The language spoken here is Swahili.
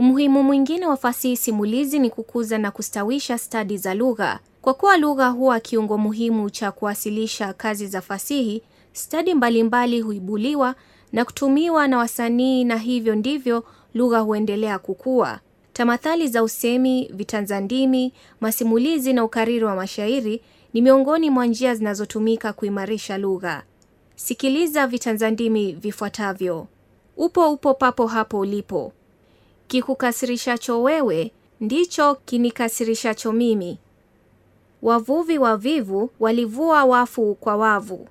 Umuhimu mwingine wa fasihi simulizi ni kukuza na kustawisha stadi za lugha. Kwa kuwa lugha huwa kiungo muhimu cha kuwasilisha kazi za fasihi, stadi mbalimbali huibuliwa na kutumiwa na wasanii, na hivyo ndivyo lugha huendelea kukua. Tamathali za usemi, vitanzandimi, masimulizi na ukariri wa mashairi ni miongoni mwa njia zinazotumika kuimarisha lugha. Sikiliza vitanzandimi vifuatavyo: upo upo papo hapo ulipo Kikukasirishacho wewe ndicho kinikasirishacho mimi. Wavuvi wavivu walivua wafu kwa wavu.